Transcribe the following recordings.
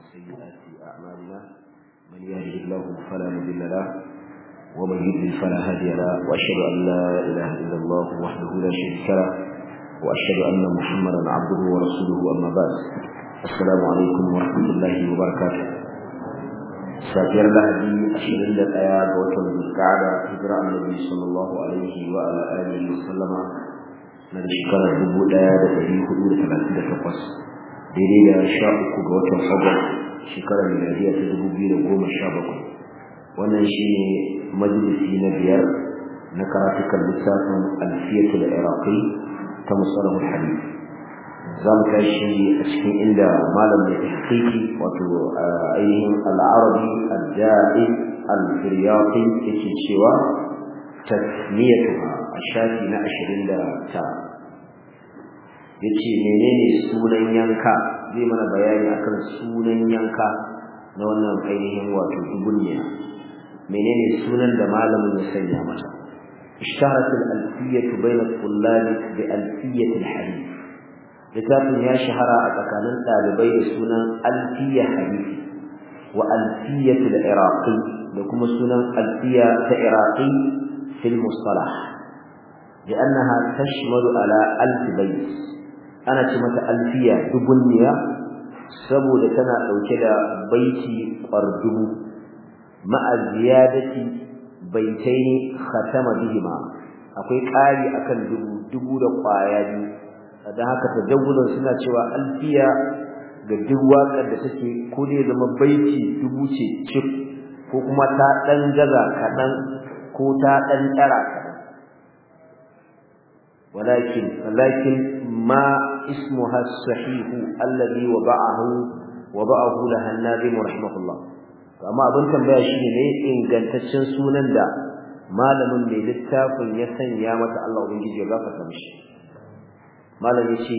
وسيئات أعمالنا من يهده الله فلا مضل له ومن يضلل فلا هادي له وأشهد أن لا إله إلا الله وحده لا شريك له وأشهد أن محمدا عبده ورسوله أما بعد السلام عليكم ورحمة الله وبركاته ساتر لهدي أشهد أن الآيات وكلمة الكعبة تدرى النبي صلى الله عليه وعلى آله وسلم نرجو كرهه لا يدعي حدود ثلاثة قصر daidai da sha uku ga watan agwas shekarar miliyariya ta dubu biyu da goma sha bakwai wannan shi ne majalisi na biyar na karatukan littafin alfiyatul iraqi ta musalahul hadith za mu tashi a cikin inda malam mai tahqiqi wato ainihin al'arabi al-da'i al-firyaqi yake cewa tasmiyatuha a shafi na ashirin da tara yace menene sunan yanka zai mana bayani akan sunan yanka na wannan ainihin wato dubunya menene sunan da malamin ya sanya mata ishtarat al-alfiyah bayna al-tullab bi al littafin ya shahara a tsakanin ɗalibai da sunan alfiyah hadith wa alfiyah al-iraqi da kuma sunan alfiyah ta iraqi fil mustalah لأنها تشمل على ألف بيت ana ce mata alfiya dubunniya saboda tana dauke da baiti qardubu ma'a ziyadati baitaini khatama bihima akwai ƙari akan dubu dubu da kwaya biyu. dan haka ta tajawulan suna cewa alfiya ga duk waƙar da take ko dai zama baiti dubu ce cif ko kuma ta dan gaza kadan ko ta dan tsara kaɗan. walakin walakin ma اسمها الصحيح الذي وضعه وضعه لها الناظم رحمه الله فما أظن تنبيه شيء ليه إن قلت الشنسونا دا malamin mai littafin ya sanya mata Allah ubangiji ya gafarta mishi malam yace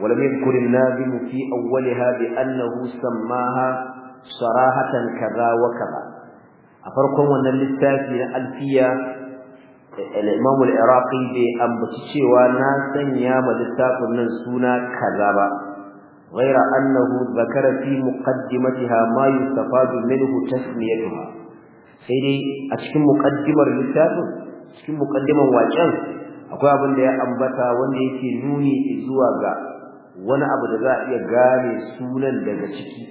walam yadhkur an-nazim fi awwalaha bi annahu sammaha sarahatan kaza wa kaza a farkon wannan littafi na alfiya al-imam al-iraqi bai ambaci cewa na sanya ma littafin nan suna kaza ba ghayra annahu zakara fi muqaddimatiha ma yustafadu minhu tasmiyatuha sai dai a cikin muqaddimar littafin cikin muƙaddimar wacan akwai abinda ya ambata wanda yake nuni zuwa ga wani abu da za a iya gane sunan daga ciki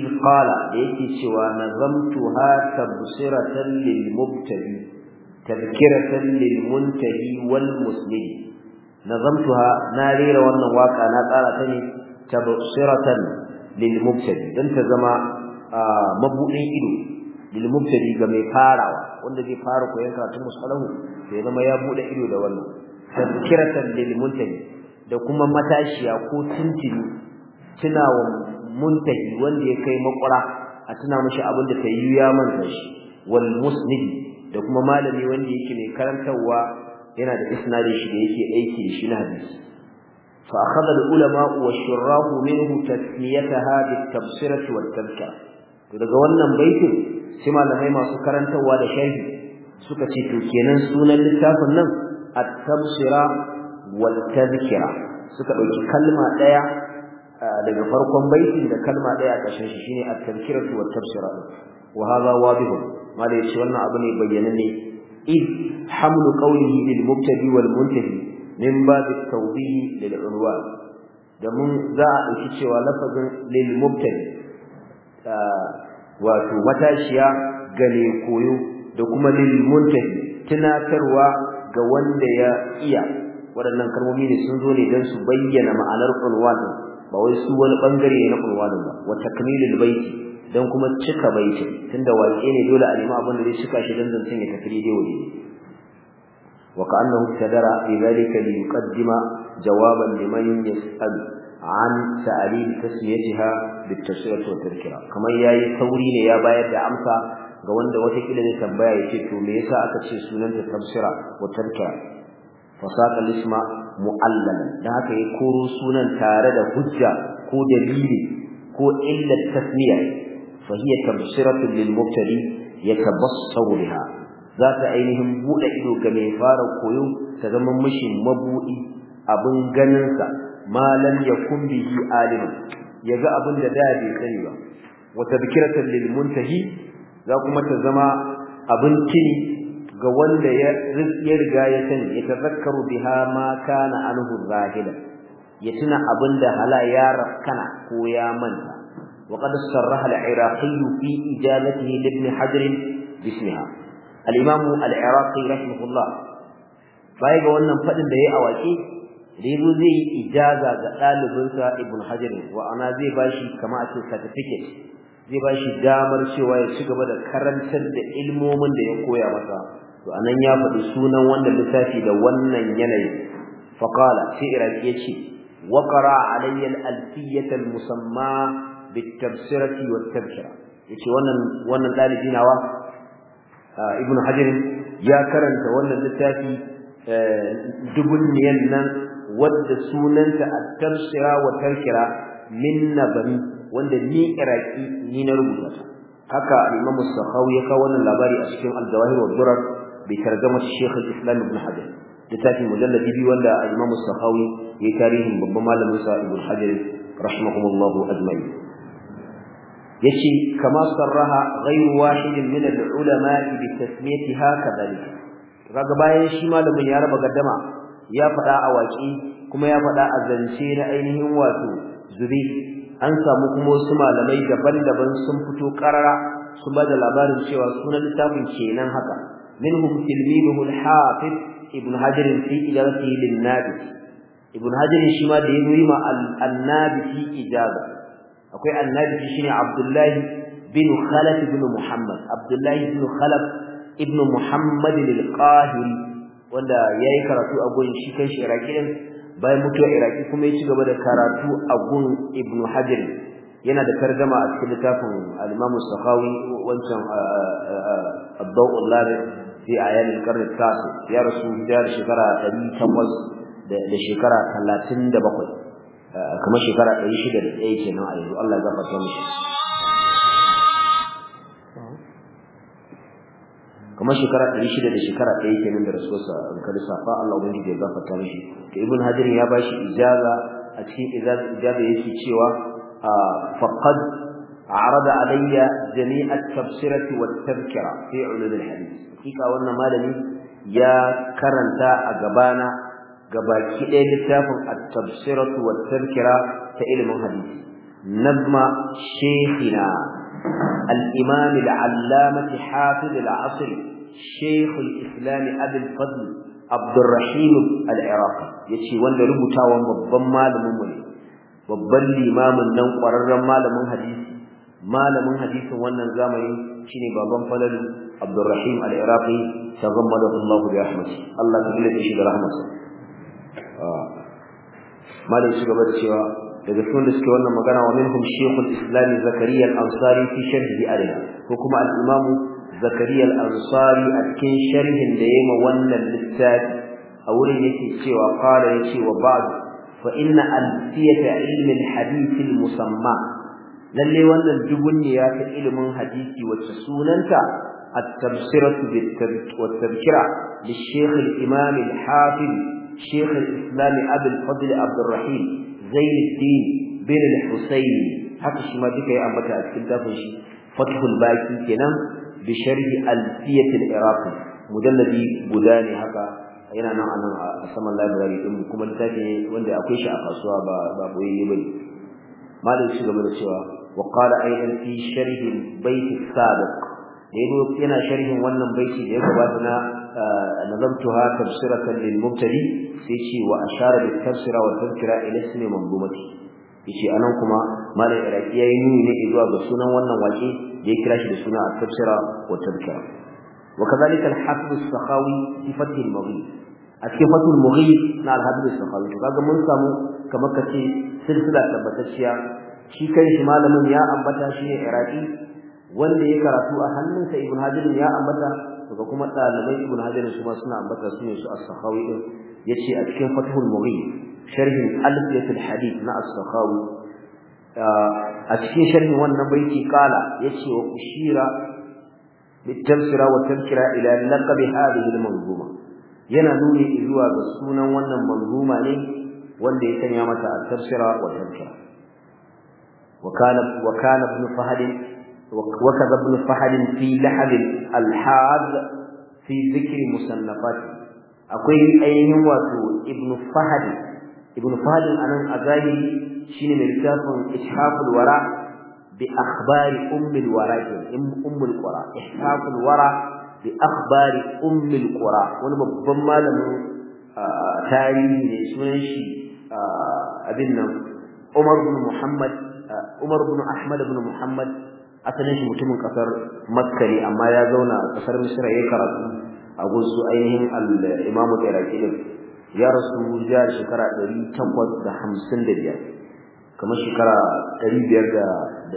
in qala da yake cewa nazamtu ha tabsiratan lil mubtadi' tadhkiratan lil muntahi wal muslim nazamtuha na rera wannan waka na tsara ta ne tabsiratan lil mubtadi dan ta zama mabudin ido lil ga mai farawa wanda zai fara koyan karatun musalahu sai zama ya buɗe ido da wannan tadhkiratan lil muntahi da kuma matashiya ko tuntuni wa muntahi wanda ya kai makura a tuna mishi abin ta kai yuya man shi wal muslimi da kuma malami wanda yake mai karantarwa yana da isnadin shi da yake aiki shi na hadisi fa akhadha al-ulama wa shurrah minhu tasmiyataha bit-tabsirah wat to daga wannan baitin shi malamai masu karantarwa da sharhi suka ce to kenan sunan littafin nan at tafsira wat-tadhkira suka dauki kalma daya daga farkon baitin da kalma daya a ƙarshen shi shine at-tadhkiratu wat-tabsira wa hadha wadih mala yace wannan abu ne bayyana ne id hamlu qawlihi lil mubtadi wal muntahi min bab at-tawdih lil da mun za a dauki cewa lafazin lil mubtadi wato matashiya gane koyo da kuma lil muntahi tunatarwa ga wanda ya iya waɗannan kalmomi ne sun zo ne don su bayyana ma'anar unwan ba wai su wani bangare ne na unwan ba wa takmilul baiti dan kuma cika baiti tunda waƙe ne dole a nemi abin da zai cika shi dan zancen ya tafi daidai wuri wa ka'annahu tadara fi dhalika li yuqaddima jawaban liman yas'al an ta'rif tasmiyatiha bitashrif wa tadhkira kamar yayi sauri ne ya bayar da amsa ga wanda wata kila zai tambaya yace to me yasa aka ce sunanta tafsira wa tadhkira saqa isma mu'allalan dan haka yayi koro sunan tare da hujja ko dalili ko illar tasmiya fa hiya tabsiratu lil mubtadi yatabassaru biha za ta ainihin buɗe ido ga mai fara koyo ta zama mishi mabudi abin ganinsa malam yakun bihi alim yaga abin da da bai sani ba wa tadhkiratan lil muntahi za kuma ta zama abin kini ga wanda ya riga ya sani ya tazakkaru biha ma kana anhu zahila ya tuna abin da hala ya rakkana ko ya manta وقد صرح العراقي في إجابته لابن حجر باسمها الإمام العراقي رحمه الله فايق وانا فدن ده أواكي ريبو زي إجازة قال بنسا ابن حجر وأنا زي باشي كما أتو ساتفكت زي باشي دامر شوية شكبه ده كرمسد علمو من ده يقويا مثلا to anan ya faɗi sunan wanda lissafi da wannan yanayi faqala sai iraki yace waqara alayya al-alfiyata al-musamma bitabsirati wat tabshira yace wannan wannan dalibi nawa ibn hajar ya karanta wannan littafi dubun niyan nan wadda sunanta at-tabsira wa tarkira min nabani wanda ni iraki ni na rubuta haka al-imam as-sakhawi ya kawo wannan labari a cikin al-jawahir wa durar bi tarjamar shaykh al-islam ibn hajar Littafi mujallad biyu wanda al-imam as-sakhawi ya tarihin babban malamin sa ibn hajar rahimahumullah ajma'in yace kama sarraha ghayru wahidin min al-ulama bi tasmiyatiha kadhalik kaga bayan shi malamin ya raba gaddama ya fada a waki kuma ya fada a zance na ainihin wato zubi an samu kuma wasu malamai daban-daban sun fito karara sun bada labarin cewa sunan littafin kenan haka minhum tilmiduhu al-hafiz ibn hajar fi idarati lin-nabi ibn hajar shi ma da ya yi ma al-nabi fi ijaza akwai annabi shine Abdullahi bin Khalaf bin Muhammad Abdullahi bin Khalaf ibn Muhammad al-Qahiri wanda yayi karatu a gurin shi kai shi Iraki din bayan mutuwa Iraki kuma ya ci gaba da karatu a gurin Ibn Hajar yana da tarjuma a cikin littafin al-Imam Sakhawi wancan Abdul Allah fi ayan al-qarn al-tasi ya da shekara talatin da shekara 37 Eh, kamar shekara ɗari shida da ɗaya kenan a yanzu Allah ya gafarta mishi kamar shekara ɗari shida da shekara ɗaya kenan da rasuwarsa in ka lissafa Allah ubangiji ya gafarta mishi to ibn hajar ya bashi ijaza a cikin ijaza yake cewa ah, faqad alayya عرض علي جميع التبصرة والتذكرة في علوم الحديث حقيقة وأن مالني يا كرنتا أجبانا gabaki ɗaya littafin at-tafsiratu ta ilimin hadisi nazma shaykhina al-imam al-allamah hafiz al-asr shaykh al-islam abi al-fadl yace wanda rubutawan babban malamin mu ne babban limamin nan ƙwararren malamin hadisi malamin hadisin wannan zamani shine baban falalu abdurrahim al-iraqi tagammadahu Allah bi rahmatihi Allah ta gilita shi da rahmatihi malam shi gaba da cewa daga cikin da suke wannan magana wa minhum shaykhul islam zakariya al-ansari fi sharhi arina ko kuma al-imam zakariya al-ansari a cikin sharhin da yayi wannan littafi a wurin yake cewa qala yace wa ba'd fa inna al-siyata ilmi al-hadith al-musamma lalle wannan ya ta ilimin hadisi wacce sunanta li والتبكرة للشيخ الإمام الحافظ شيخ الإسلام أبي الفضل عبد الرحيم زين الدين بن الحسين حتى شما بك يا أمك أتكلم فتح الباكي كنا بشرح ألفية العراقي مجلد بداني هكا yana nan anan a saman library din mu kuma littafi wanda akwai shi a kasuwa ba ba boye malam shi da cewa wa qala aidan fi sharh al yana sharhin wannan baiti da ya gabata na nazamtuha tafsiratan lil mubtadi sai ce wa ashara bil tafsira wa tadhkira ila ismi manzumati yace anan kuma malam iraki yayi nuni ne zuwa ga sunan wannan waƙe da ya kira shi da suna tafsira wa tadhkira وكذلك الحافظ السخاوي في فتح المغيب a cikin fatul mughith na al-hadith al-sakhawi to kaga mun samu kamar kace silsila tabbatacciya shi kanshi malamin ya ambata shi ne iraki wanda ya karatu a hannunsa ibn hajar ya ambata kaga kuma dalibai ibn hajar su ma suna ambata su ne su as-sakhawi din yace a cikin fathul mughith sharhin alfiyatul hadith na as-sakhawi a cikin sharhin wannan baiti kala yace wa ushira bitamsira wa tamkira ila laqab hadhihi al-manzuma yana nuni zuwa ga sunan wannan manzuma ne wanda ya sanya mata at-tafsira wa tamkira وكان وكان ابن فهد وكذا ابن فهد في لحد الحاد في ذكر مصنفاته akwai ainihin wato Ibn fahad ibnu fahad anan a zahiri shine mai littafin ishaqul wara bi akhbari ummul wara qura ishaqul wara bi akhbari qura wani babban malamin tarihi ne sunan shi abin nan Umar ibn Umar Ahmad asalin shi mutumin kasar makka ne amma ya zauna a kasar misra ya karatu a gunsu ainihin al-imamu iraki din ya rasu ya shekara 855 kamar shekara 553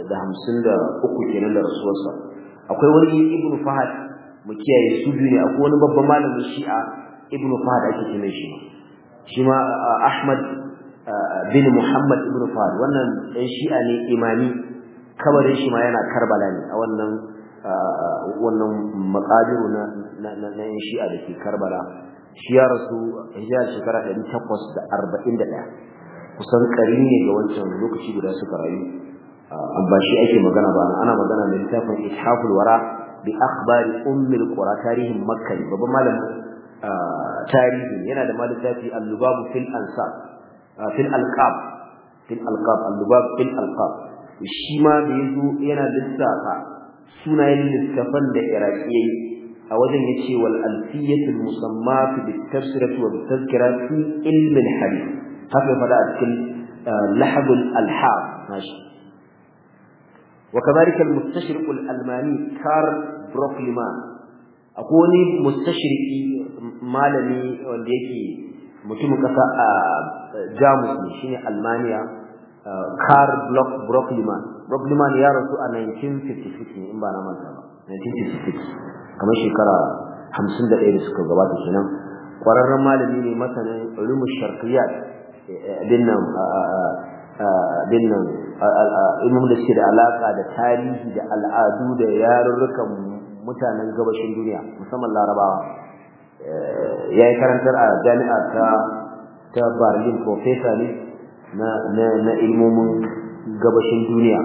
kenan da rasuwarsa akwai wani ibnu fahad mu kiyaye su biyu ne akwai wani babban malamin shi'a ibnu fahad ake kiran shi shi ma ahmad eh, bin muhammad ibnu fahad wannan dan shi'a ne imani. kabarin shi ma yana Karbala ne a wannan wannan maqadiru na na na shi'a da ke Karbala shi ya rasu hijira shekara 841 kusan kari ne ga wancan lokaci guda suka rayu ba shi ake magana ba ana magana da littafin Ithaful Wara bi akhbari ummil qura tarihin Makka babban malam tarihi yana da malittafi al-lubab fil ansab fil alqab fil alqab al-lubab fil alqab shi ma da ya zo yana lissafa sunayen littafan da iraqiyai a wajen ya ce wal alfiyatul musamma fi tafsiratu wa tazkira fi ilmi hadith haka ya fada a cikin lahabul alhaq nashi وكذلك المستشرق الألماني كارل بروكليمان أقول مستشرق مالني وليكي mutumin kasa a jamus ne shine almaniya Karl Block Brockleman Brockleman ya rasu a 1956 ne in ba na manta ba 1956 kamar shekara 51 da suka gabata kenan kwararren malami ne masanin ulumul sharqiyat dinnan eh, dinnan ilmin da suke da alaka da tarihi da al'adu da yarurrukan mutanen gabashin duniya musamman larabawa eh, ya yi karantar a jami'a ta ta berlin profesa ne na ilmomin gabashin duniya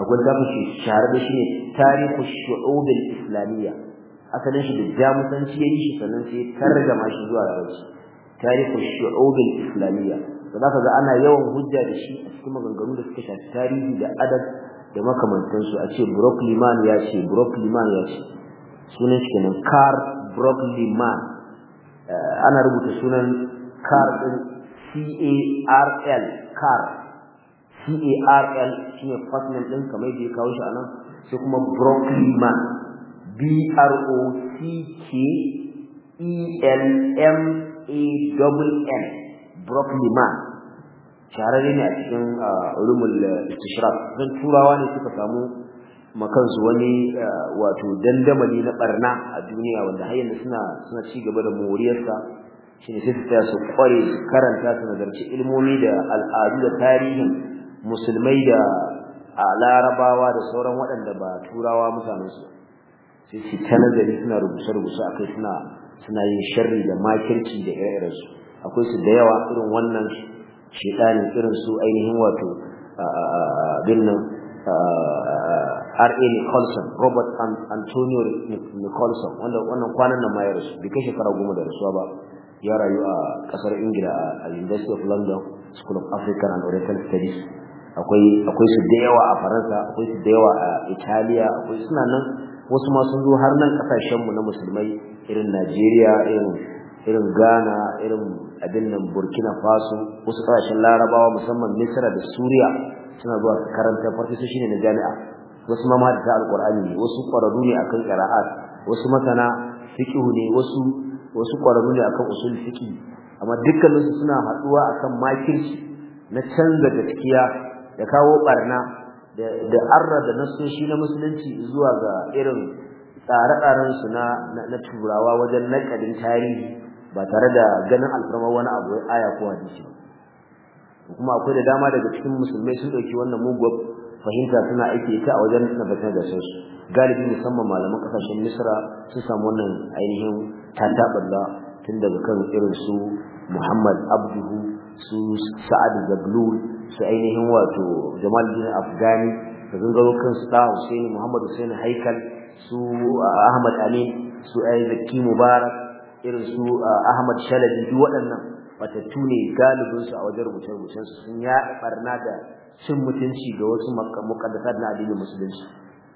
akwai zamu shi share da shi ne tarihu shu'ubin islamiyya asalin shi da jamusanci ya yi shi sannan sai targama shi zuwa larabci tarihu shu'ubin islamiyya da za ka ga ana yawan hujja da shi a cikin maganganu da suka shafi tarihi da adab da makamantansu a ce broccoli liman ya ce broccoli man ya ce sunan shi kenan car broccoli eh, ana rubuta sunan car din C-A-R-L, car C-A-R-L, shi ne first ɗin kamar da ya kawo shi a nan sai kuma Man, B R O C K E L M A w N Man. shahararre ne a cikin rumul eh, istishraf zan turawa ne suka samu makansu wani eh, wato dandamali na barna a duniya wanda har suna suna ci gaba da moriyarsa shine sai su su kware su karanta su nazarci ilmomi da al'adu da tarihin musulmai da larabawa da sauran waɗanda ba turawa mutanen su sai su ta nazari suna rubuce rubuce akai suna suna yin sharri da makirci da ire su akwai su da yawa irin wannan shedanin irin su ainihin wato binnan R.A. Nicholson, Robert Antonio Nicholson, wannan kwanan nan ma ya rasu, bai kai shekara goma da rasuwa ba. ya rayu a kasar ingila a university of london school of african and oriental studies akwai su da yawa a faransa akwai su da yawa a italiya akwai suna nan wasu ma sun zo har nan kasashenmu na musulmai irin najeriya irin irin ghana irin abin nan burkina faso wasu kasashen larabawa musamman misra da suriya suna zuwa karanta su shine na jami'a wasu ma mata alqur'ani ne wasu kwararru ne akan qira'at wasu masana fiqh ne wasu wasu ƙwararru ne akan usul fiqi amma dukkaninsu suna haɗuwa akan makirci na canza gaskiya da kawo barna da arra da nasoshi na musulunci zuwa ga irin tsare-tsaren su na na turawa wajen nakalin tarihi ba tare da ganin alfarma wani abu aya ko hadisi ba kuma akwai da dama daga cikin musulmai sun dauki wannan mugu fahimta suna aiki ta a wajen tabbatar da su galibi musamman malaman kasashen misra sun samu wannan ainihin tataballa tun daga kan irin su muhammad abduhu su sa'ad zablul su ainihin wato jamal bin afghani da zungaro kan su da husaini muhammad husaini haikal su ahmad amin su ayyuki mubarak irin su ahmad shalabi duk waɗannan matattu ne galibinsu a wajen rubuce-rubucen su sun ya barna da cin mutunci ga wasu mukaddasar na addinin musulunci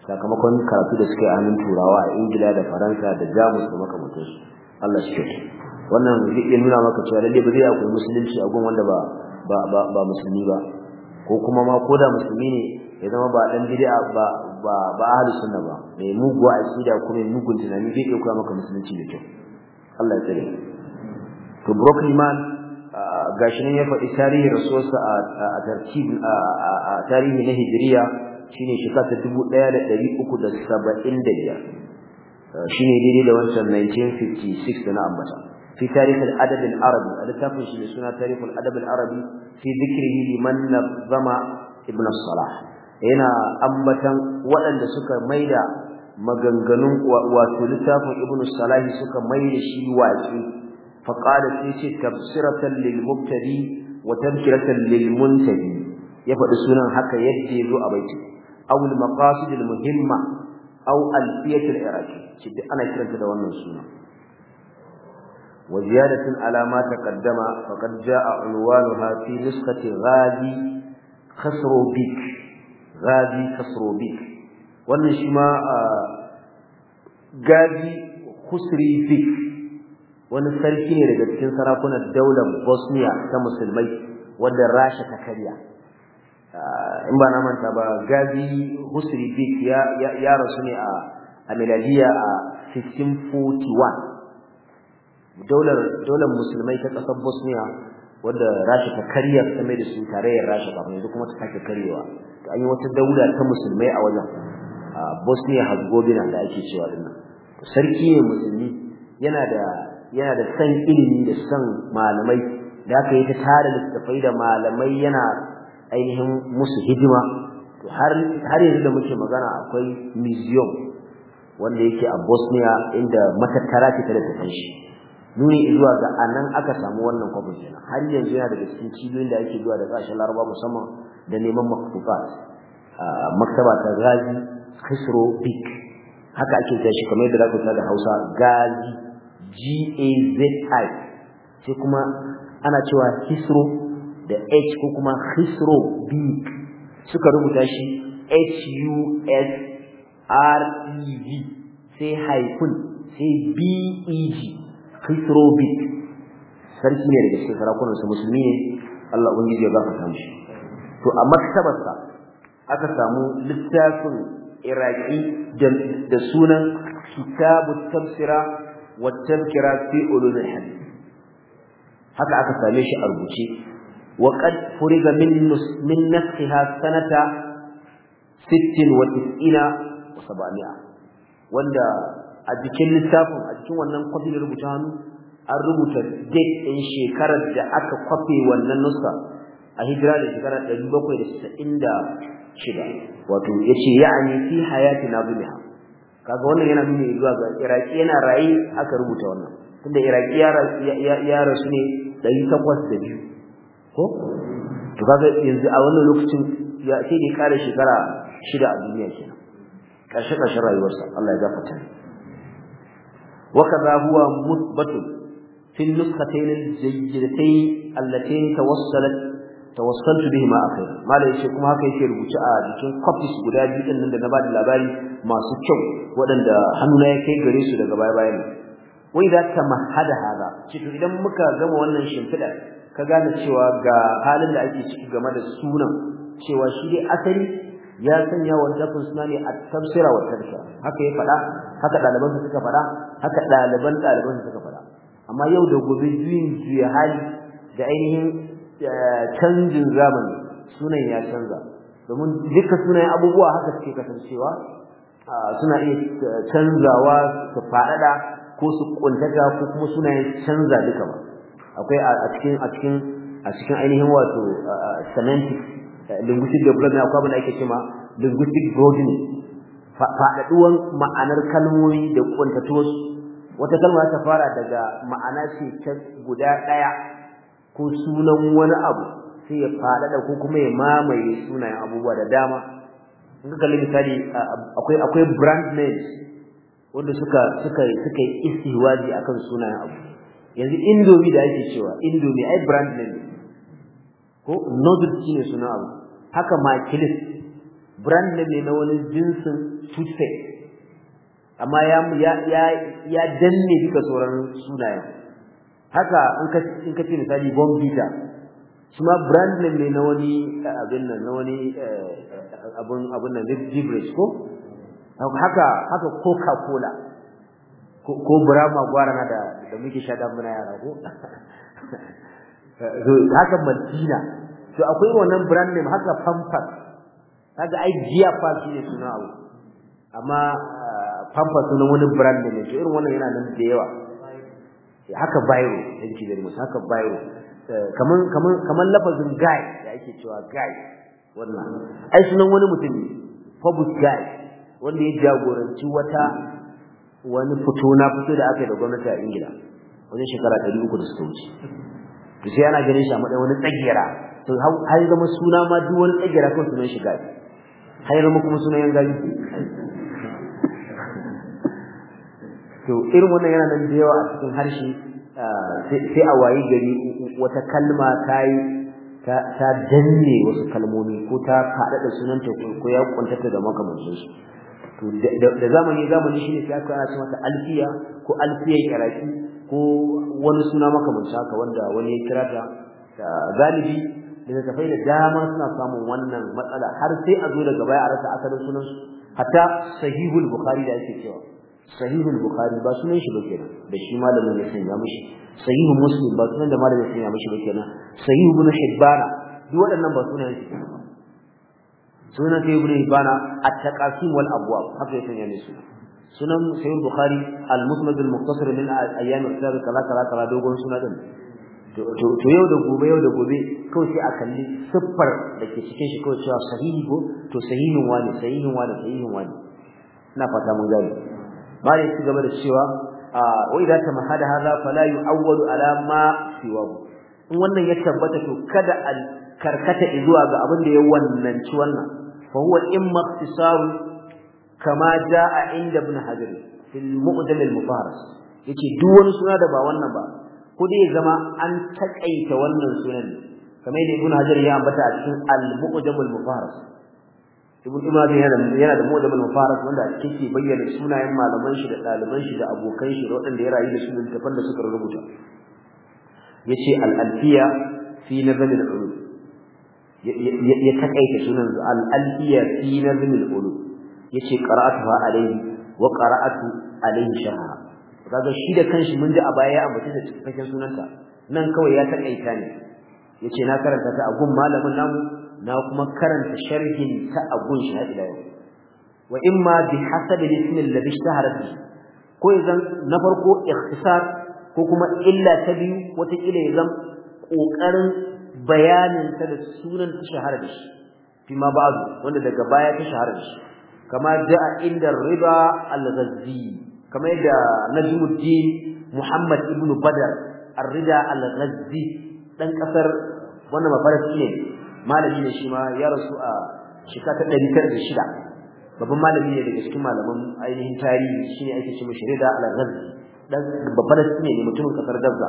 sakamakon karatu da suka yi turawa a ingila da faransa da jamus da makamantansu allah shi kyau wannan zai nuna maka cewa lalle ba zai ya koyi musulunci a gun wanda ba ba ba musulmi ba ko kuma ma ko da musulmi ne ya zama ba dan bid'a ba ba ba ahlus sunna ba mai mugu aqida kuma mugun tunani zai iya koya maka musulunci da kyau Allah ya tsare to Brockman gashi ne ya faɗi tarihin rasuwarsa a tartib a tarihi na hijiriya shine shekara ta 1375 shine daidai da wancan 1956 da na ambata fi tarikh al-adab al-arabi al-tafsir shi suna tarikh al-adab al-arabi fi dhikrihi liman nazama ibn salah yana ambatan waɗanda suka maida maganganun wato littafin ibn salah suka maida shi wace. فقال سيتي تبصرة للمبتدي وتذكرة للمنتدي يفعل سنة حكا ذو أبيت أو المقاصد المهمة أو ألفية العراقي شد أنا كرنت دوانا سنة وزيادة على ما تقدم فقد جاء عنوانها في نسخة غادي خسرو بك غادي خسرو بك والنشماء آه، غادي خسري بك wani sarki ne daga cikin sarakunan daular Bosnia ta musulmai wanda Rasha ta karya ah, in ba na manta ba Gazi Husri Bek ya ya rasu ne a a miladiya a 1541 daular daular musulmai ta kasar Bosnia wanda Rasha ta karya ta mai da su tarayyar Rasha ba yanzu kuma ta sake karyewa to an yi wata daula ta musulmai a wajen ah, Bosnia Herzegovina da ake cewa dinnan sarki ne musulmi yana da yana da san ilimi da san malamai da aka yi ta tara littattafai da malamai yana ainihin musu hidima to har yanzu da muke magana akwai museum wanda yake a Bosnia inda matattara ke tare da shi nuni zuwa ga anan aka samu wannan kwabin kenan har yanzu yana daga cikin cibiyoyin da ake zuwa da kasashen Laraba musamman da neman makfufat maktaba ta Gazi Kisro Bik haka ake tashi kamar yadda za ku da Hausa Gazi. G-A-Z-I sai kuma ana cewa hisro da H ko kuma hisro B suka rubuta shi H-U-S-R-E-V sai haikun sai B-E-G hisro B e sarki ne daga cikin su musulmi ne Allah zai ya samu shi. to a maktabarsa aka samu littafin iraki da sunan kitabu tafsira wa tazkira fi ulul hadith haka aka same shi a rubuce wa qad furiga min min nasqiha sanata 96 wa 700 wanda a jikin littafin a cikin wannan kwafi da rubuta hannu an rubuta date ɗin shekarar da aka kwafe wannan nusa a hijira da shekarar 796 wato yace ya'ani fi hayati nabiha kaga wannan yana nuni zuwa ga iraki yana rayi aka rubuta wannan tunda iraki ya rasu ne ɗari takwas da biyu ko to kaga yanzu a wannan lokacin ya sai dai kare shekara shida a duniya kenan karshe karshen rayuwarsa Allah ya gafarta wa kaza huwa mutbatun fi nuskhatayn al-jayyidatayn allatayn tawassalat tawassaltu bihi ma akai malai yace kuma haka yake rubuci a cikin copies guda biyu din nan da na bada labari masu kyau waɗanda hannuna ya kai gare su daga baya bayan wai idza ta mahada hada cikin idan muka gama wannan shimfidar ka gane cewa ga halin da ake ciki game da sunan cewa shi dai asali ya sanya wa dafin suna ne a tafsira wa tafsira haka ya faɗa haka daliban su suka faɗa haka ɗaliban daliban su suka faɗa amma yau da gobe juyin juya hali da ainihin canjin zamani sunan ya canza domin duka sunayen abubuwa haka suke kasancewa suna iya eh, canzawa su faɗaɗa ko su ƙuntaka, ko kuma sunayen canza duka ba akwai a cikin a cikin a cikin ainihin wato semantic eh, linguistic development akwai abin da ake cewa linguistic broadening faɗaɗuwan ma'anar kalmomi da kuntatuwarsu wata kalma ta fara daga ma'ana ce ta guda ɗaya ko sunan wani abu sai ya faɗaɗa ko kuma ya mamaye sunayen abubuwa da dama in kalli misali akwai akwai brand names wanda suka suka suka yi akan sunayen abu yanzu indomie da yake cewa indomie ai brand name ko nodul shine sunan abu haka makilis brand name ne na wani jinsin toothpaste amma ya ya ya danne duka sauran sunayen haka in ka ce misali bombita su ma brand name ne na wani eh, abin nan na wani eh, abin abin nan beverage ko haka haka coca cola ko brahma gwara na da muke sha dan muna yara ko haka martina to akwai wannan brand name haka pampas haka ai giya fa shi ne suna abu amma eh, pampas sunan wani brand name to irin wannan yana nan da yawa haka bayro yake you very haka bayro eh, kaman kaman kaman lafazin guy da ake cewa guy wannan ai sunan wani mutum ne public guy wanda ya jagoranci wata wani fito na fito da aka yi da gwamnati a Ingila wajen shekara 300 da suka wuce to sai ana ganin shi a matsayin wani tsagira to har zama suna ma duk wani tsagira kan sunan shi guy har zama kuma sunan yan gaji to irin wannan yana nan da yawa a cikin harshe sai a wayi gari wata kalma ta yi ta danne wasu kalmomi ko ta kaɗa da sunanta ko ya kuntata da makamancin su to da zamani zamani shine sai aka ce mata alfiya ko alfiyar iraki ko wani suna makamancin haka wanda wani ya kira ta galibi da tafai da dama suna samun wannan matsala har sai a zo daga baya a rasa asalin sunan su hatta sahihul bukhari da yake cewa sahihul bukhari ba sunan shi ba kenan da shi malamin ya sanya mishi sahihu muslim ba sunan da malamin ya sanya mishi ba kenan sahihu ibn hibban duk waɗannan ba sunan shi sunan sai ibn hibban at-taqasim wal abwab haka ya sanya mishi sunan sahihul bukhari al-musnad al-muqtasir min ayyam al-kitab kala kala kala dogon sunan din to yau da gobe yau da gobe kawai sai a kalli siffar da ke cikin shi kawai cewa sahihi ko to sahihin wani sahihin wani sahihin wani ina fata mun gane bare ci gaba da cewa wa idza mahada hadha fala yu'awwalu ala ma siwahu in wannan ya tabbata to kada al karkata zuwa ga abin da ya wannanci wannan fa huwa imma ikhtisar kama jaa inda ibn hajar fil mu'dal al mufaras yace duk wani suna da ba wannan ba ko dai zama an takaita wannan sunan kamar yadda ibn hajar ya ambata a cikin al mu'jam al mufaras ibn Umar yana yana da mu'jam al-mufarat wanda yake bayyana sunayen malaman shi da daliban shi da abokan shi waɗanda ya rayu da su littafan da suka rubuta yace al-alfiya fi nazm al-ulum ya takaita sunan al-alfiya fi nazm al-ulum yace qara'atuha alayhi wa qara'atu alayhi shahra kaga shi da kanshi mun ji a baya ya ambace da cikakken sunanta nan kawai ya takaita ne yace na karanta ta a gun malamin namu na kuma karanta sharhin ta a shi ila yau wa imma bi hasab al-ism alladhi ishtahara bi ko idan na farko ikhtisar ko kuma illa ta biyu wata kila zan kokarin bayanin ta da sunan ta shahara da shi fima ba'du wanda daga baya ta shahara da shi kama ja'a inda riba al-ghazzi kama yadda najmuddin muhammad ibnu badar ar-rida al-ghazzi dan kasar wannan mafarki ne malami ne shi ma ya rasu a shekara ta 1906 babban malami ne daga cikin malaman ainihin tarihi shine ake cewa Shirida al-Ghazi dan babban ne ne mutumin kasar Gaza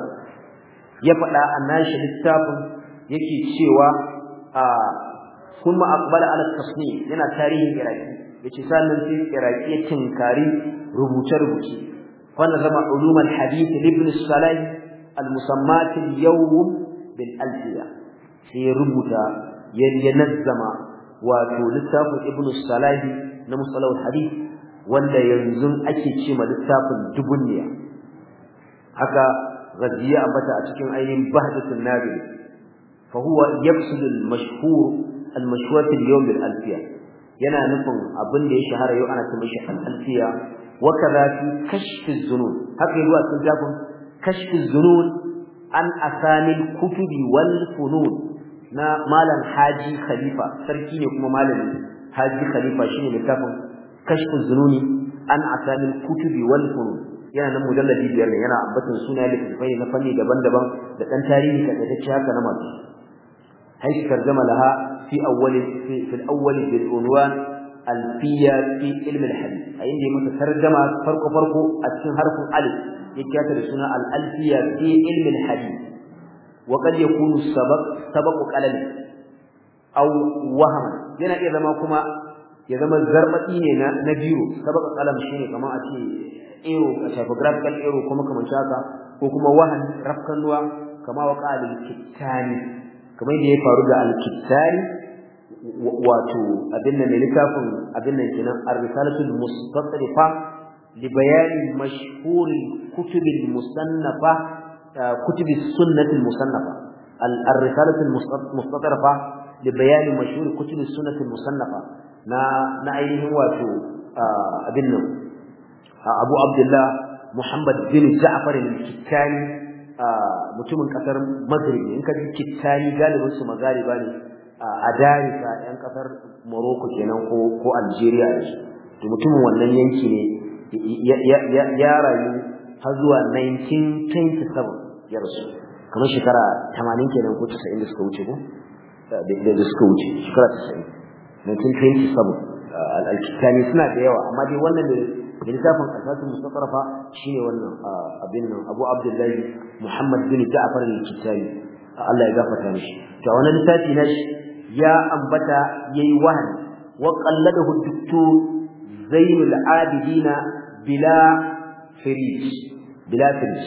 ya faɗa a nashi littafin yake cewa a kuma aqbala ala tasni yana tarihin Iraki yace sannan sai Iraki tinkari rubuce-rubuce wannan zama ulumul hadith ibn Salah al-musammat al-yawm bil alfiya sai rubuta ya wato littafin ibn salahi na musalawar hadith wanda yanzu ake ce ma littafin dubunniya haka raziya bata a cikin ainihin bahdatun nabi fa huwa yafsul al-mashhur al-mashhur fi yawm al-alfiya yana nufin abin da ya shahara yau ana cewa shi al-alfiya wa kaza fi kashf haka yi wa cikin kashf an asanil kutubi wal funun na malam haji khalifa sarki ne kuma malami haji khalifa shine littafin kashfu zununi an asalin kutubi wal furud yana nan mujalladi biyar ne yana ambaton suna littafai na fanni daban-daban da dan tarihi ka tsaye haka na masu haiki tarjama laha fi awwal fi al-awwal bil unwan fi ilm al-hadith a inda ya tarjama farko farko a cikin harfin alif yake ta da suna al-alfiya fi ilm al-hadith wa qad yakunu sabab sababu qalal aw yana iya kuma ya zama zarmadi ne na biro sababu qalam shine kamar a ce ero a typographical ero kuma kamar haka ko kuma wahan rafkan ruwa kama wa qalil kittani kamar da ya faru da al-kittani wato abin nan littafin abin nan kenan ar li bayani mashhur kutub musannafa kutubi sunnatul musannafa al-risalatul mustatarafa da bayanin mashhur kutubi sunnatul musannafa na na ainihin wato abin nan Abu Abdullah Muhammad bin Ja'far al-Kittani mutumin kasar Maghrib in Kittani galibin su magariba ne a Darisa ɗan ƙasar Maroko kenan ko ko Algeria ne mutumin wannan yanki ne ya rayu har zuwa 1927 ya rasu kamar shekara 80 kenan ko 90 da suka wuce ko da suka wuce shekara 90 1927 al-kitani suna da yawa amma dai wannan ne da littafin asasin mustaqrafa shine wannan uh, abin nan Abu Abdullahi Muhammad bin Ja'far al-Kitani uh, Allah ya gafarta mishi to wannan littafi na shi ya ambata yayi wahani wa qalladahu duktur Zainul Abidina bila firij bila firij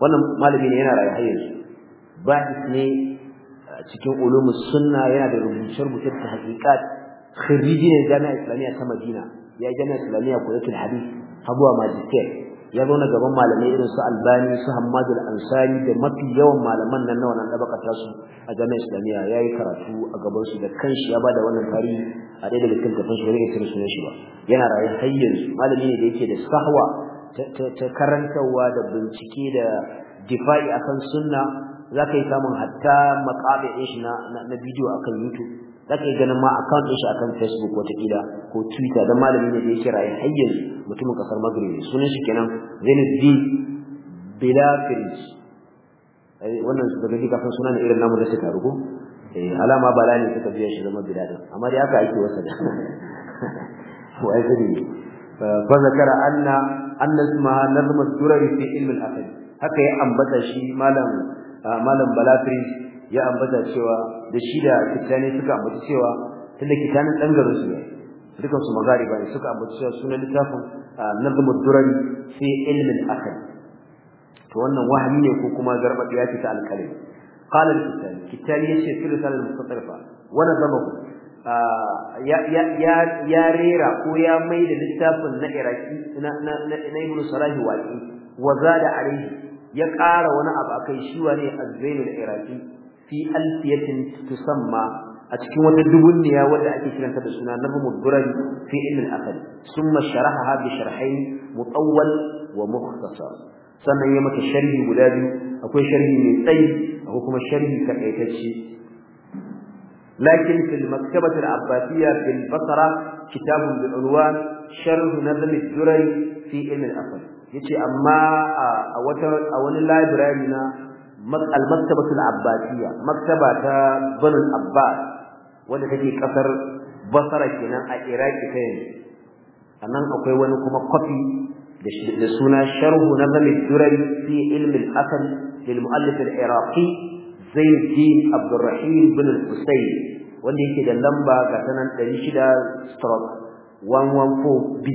wannan malami ne yana rayuwa yanzu ba'is ne cikin ulumus sunna yana da rubuce rubuce ta haqiqat khiriji ne jami'a islamiyya ta madina ya jami'a islamiyya kullatul hadith habuwa magister ya zauna gaban malamai irin su albani su hammad al-ansari da mafi yawan malaman nan na wannan dabaka ta su a jami'a islamiyya yayi karatu a gaban su da kanshi ya bada wannan tarihi a daidai da cikin tafsirin shi ba yana rayuwa har yanzu malami ne da yake da sahwa ta karantarwa da bincike da difa'i akan sunna zaka yi samun hatta makabe shi na na video akan YouTube zaka yi ganin ma account din shi akan Facebook wata kila ko Twitter dan malami ne da ya rayi ya hayyan mutumin kasar Maghrib sunan shi kenan Zainuddin eh wannan su daga dika san sunan irin namu da suka rubu eh alama bala ne suka biya shi zama biladin amma dai aka aiki wasa da ko ai sani fa zakara anna anna ismaha nazm ad-durari fi ilm al-aql haka ya ambata shi malam malam balafri ya ambata cewa da shi da kitane suka ambata cewa tunda kitanin dan garin su ne dukan su magariba ne suka ambata cewa sunan littafin nazm ad-durari fi ilm al-aql to wannan wahami ne ko kuma garbadiya ce ta al-kalim qala al-kitani kitani yace fi risalatul mustatarifa wa nazamahu Ah, ya rera ko ya mai da littafin na iraki na ibn salahi waƙi wa zada ya ƙara wani abu akai shi wane azbainul iraki fi alfiyatin tusamma a cikin wata dubunniya wanda ake kiranta da suna nabu muddurar fi ilmin akali summa sharaha bi sharhayn mutawwal wa mukhtasar sannan ya mata sharhi guda biyu akwai sharhi mai tsayi akwai kuma sharhi takaitacce لكن في المكتبة العباسية في البصرة كتاب بعنوان شرح نظم الدري في علم الأثر يتي أما أول اللايبرارينا المكتبة العباسية مكتبة بنو العباس wanda take ƙasar Basra kenan a Iraki ta yanzu anan akwai wani kuma kwafi. da suna sharhu Nazam ad-Durari fi Ilm al-Asl lil bin al wanda yake da lamba ga sanan 600/114B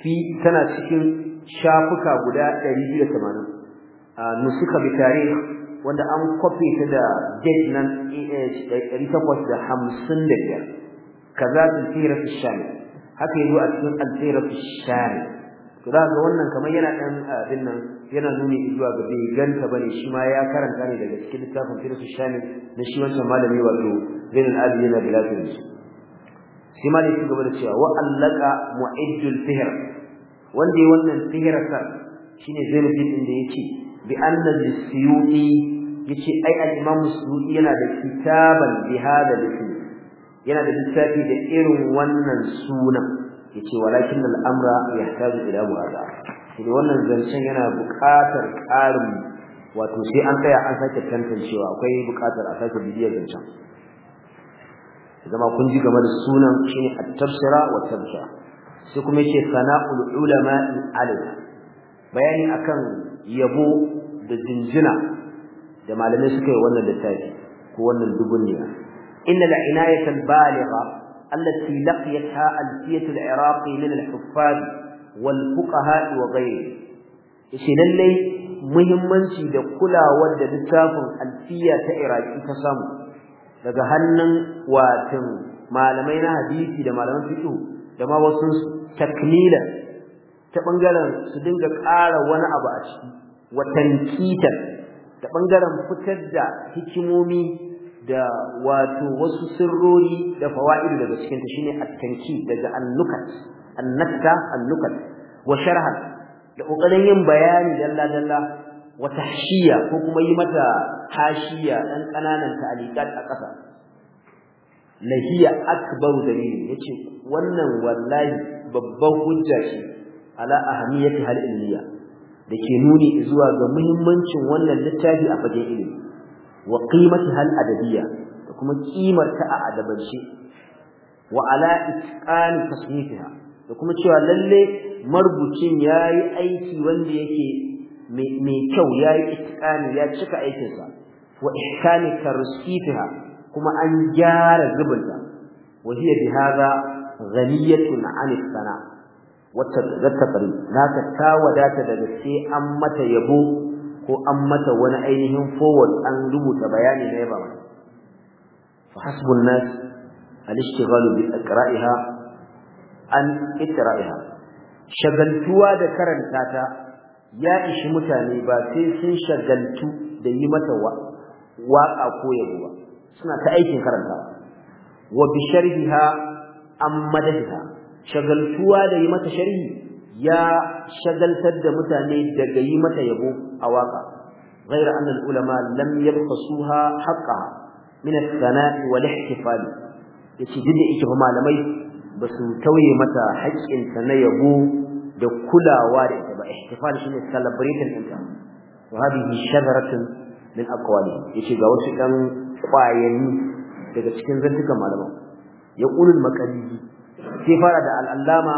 fi tana cikin shafuka guda 280 a nusuka bi tarikh wanda an copy ta da date nan AH 1855 kaza tsira fi shami haka yazo a cikin al-tsira fi shami to da wannan kamar yana dan abin nan yana nuni zuwa ga bai ganta bane shi ma ya karanta ne daga cikin littafin Firsu Shami na shi wancan malami wato Zainul Abidin na Bilatin sai malami ya gaba da cewa wa allaka mu'iddul wanda ya wannan sihirsa shine zainabi din da yake bi anna siyuti yace ai al-Imam Suyuti yana da kitaban bi hada yana da littafi da irin wannan sunan yace walakin al-amra yahtaju ila mu'adha to wannan zancen yana buƙatar ƙarin wato sai an tsaya an sake tantancewa akwai buƙatar a sake bidiyar zancen zama kun ji game da sunan shine at-tafsira wa tabsha sai kuma yake sana'ul ulama alif bayani akan yabo da jinjina da malamai suka yi wannan littafi ko wannan dubunniya innal inayata al-baligha allati laqiyatha al-fiyatu al-iraqi wal fuqaha wa ghayri lalle muhimmanci da kulawar da littafin alfiya ta iraki ta samu daga hannun watin malamai na hadisi da malaman fiqh da ma wasu takmila ta bangaren su dinga ƙara wani abu a ciki wa tankita ta bangaren fitar da hikimomi da wato wasu sirrori da fawaid daga cikin ta shine at-tankid daga an-nukat annakta annukat wa sharha da kokarin yin bayani dalla dalla wa tahshiya ko kuma yi mata hashiya dan kananan ta'alikat a ƙasa lahiya akbaru dalil yace wannan wallahi babban hujja ce ala ahamiyati hal ilmiya dake nuni zuwa ga muhimmancin wannan littafi a fagen ilimi wa qimati hal adabiyya da kuma kimar ta a adabance wa ala itqan tasnifiha da kuma cewa lalle marubucin yayi aiki wanda yake mai kyau yayi itqani ya cika aikinsa wa ihkani karsifiha kuma an gyara zubunta wa hiya bihadha ghaniyatun 'an sana wata zakatari naka ta daga sai an mata yabo ko an mata wani ainihin forward an rubuta bayani na yaba mata fa hasbun nas al-ishtighal bi aqra'iha an ikra'iha shagaltuwa da karanta ta ya ishi mutane ba sai sun shagaltu da yi mata waƙa ko yabo ba suna ta aikin karanta wa bi sharhiha an madadiha shagaltuwa da yi mata sharhi ya shagaltar da mutane daga yi mata yabo a waka غير أن العلماء لم يبخسوها حقها من الثناء والاحتفال yace duk da malamai Basu tauye mata haƙƙinta na yabo da kulawa da ita ba ihtifal shine celebration ɗinta wa hadhihi shajaratun min aqwali yace ga wasu ɗan ƙwayayi daga cikin zantukan malaman yaqulul maqalidi sai fara da al-allama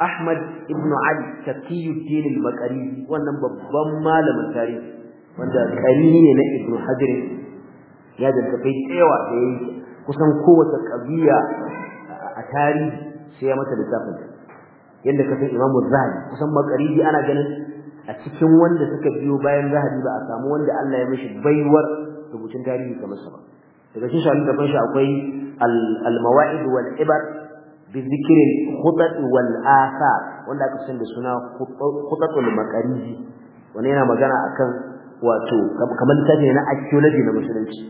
Ahmad ibn Ali Taqiyuddin al-Maqalidi wannan babban malamin tarihi wanda karini ne na Ibn Hajar ya da tafai tsewa da yayi kusan kowace kabiya tarihi sai ya mata littafin yadda ka san Imam Zahabi kusan makaribi ana ganin a cikin wanda suka biyo bayan Zahabi ba a samu wanda Allah ya mishi baiwar rubutun tarihi kamar sa ba daga cikin shi da shi akwai al-mawa'id wal ibar bi dhikri khutat wal wanda aka san da suna khutatul makaribi wannan yana magana akan wato kamar littafi na archaeology na musulunci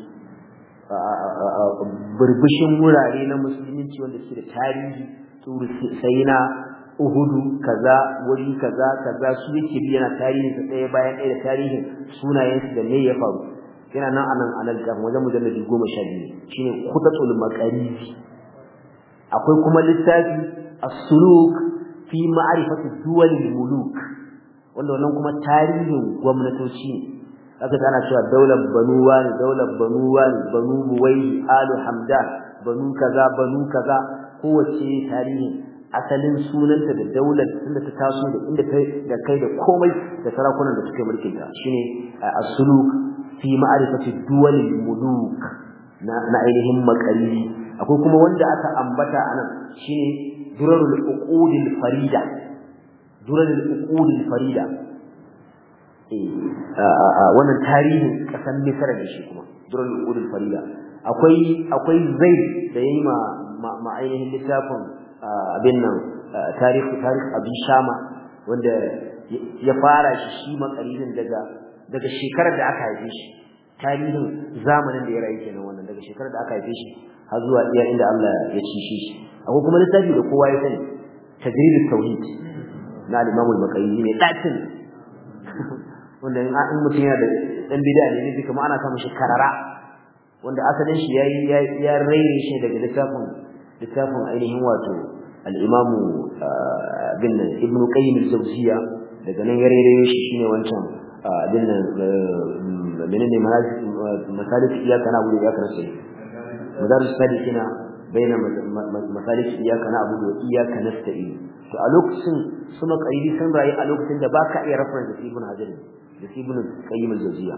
burbushin wurare na musulunci wanda suke da tarihi turu sayina uhudu kaza wuri kaza kaza su yake biyana yana tarihin sa bayan ɗaya da tarihin sunayen su da me ya faru yana nan anan nan kan wajen mujalladi goma sha biyu shine khutatul maqarib akwai kuma littafi as-suluk fi ma'rifati duwal muluk wanda wannan kuma tarihin gwamnatoci ne aka ana cewa daular banu wani daular banu wani banu buwai alu hamdan banu kaza banu kaza kowace tarihi asalin sunanta da daular tunda ta taso da inda kai da kai da komai da sarakunan da suke mulkin ta shine as-suluk fi ma'rifati duwal muluk na na ainihin makari akwai kuma wanda aka ambata anan shine durarul uqudil farida durarul uqudil farida wannan tarihin ƙasar misra da shi kuma durar udul farida akwai akwai zai da yayi ma ma ainihin littafin abin nan tarihi tarih abin shama wanda ya fara shi shi makaririn daga daga shekarar da aka haife shi tarihin zamanin da ya rayu kenan wannan daga shekarar da aka haife shi har zuwa iya inda Allah ya ci shi akwai kuma littafi da kowa ya sani tajridut tauhid na al-imam al-maqayyi mai datin wanda in an mutum yana da dan bid'a ne zai kuma ana samun shi karara wanda asalin shi yayi ya raire shi daga littafin littafin ainihin wato al-Imam bin Ibn Qayyim al-Jawziyya daga nan ya raire shi shine wancan din menene masalik iyaka na abu iyaka na sai madarus salikina baina masalik iyaka na abu iyaka nasta'in to a lokacin suna qaidi san rayi a lokacin da baka iya reference Ibn Hajar da ibn qayyim al-jawziya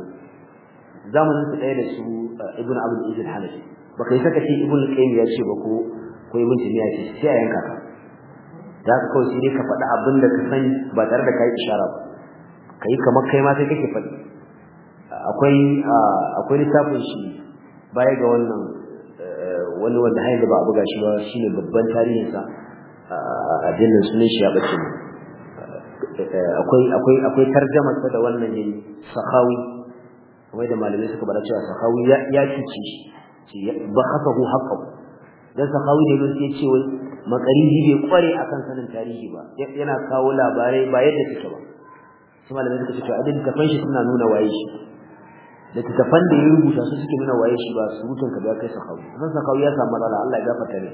zaman su ɗaya da su eh, ibn abul izil hanafi ba kai saka shi ibn qayyim ya ce ba ko ko ibn jamiya ce sai a yanka ka da ka kawai sai ka faɗi abin da ka sani ba tare da kai isharar ba kai kamar kai ma sai kake faɗi akwai akwai littafin shi baya ga wannan eh, wani wanda haida ba a buga shi ba shine babban tarihinsa a addinin sunan shi ya bace ne. Eh, akwai akwai akwai tarjamar da wannan ne sahawi kuma da malamai suka bada cewa sahawi ya ya cici shi ba ko, haka dan sahawi ne yake cewa makariji bai kware akan sanin tarihi ba yana kawo labarai ba yadda take ba kuma malamai suka ce a adin fanshi suna nuna waye shi da fan da ya ta su suke nuna waye shi ba rutun ka ba kai sahawi dan sahawi ya samu da Allah ya gafarta ne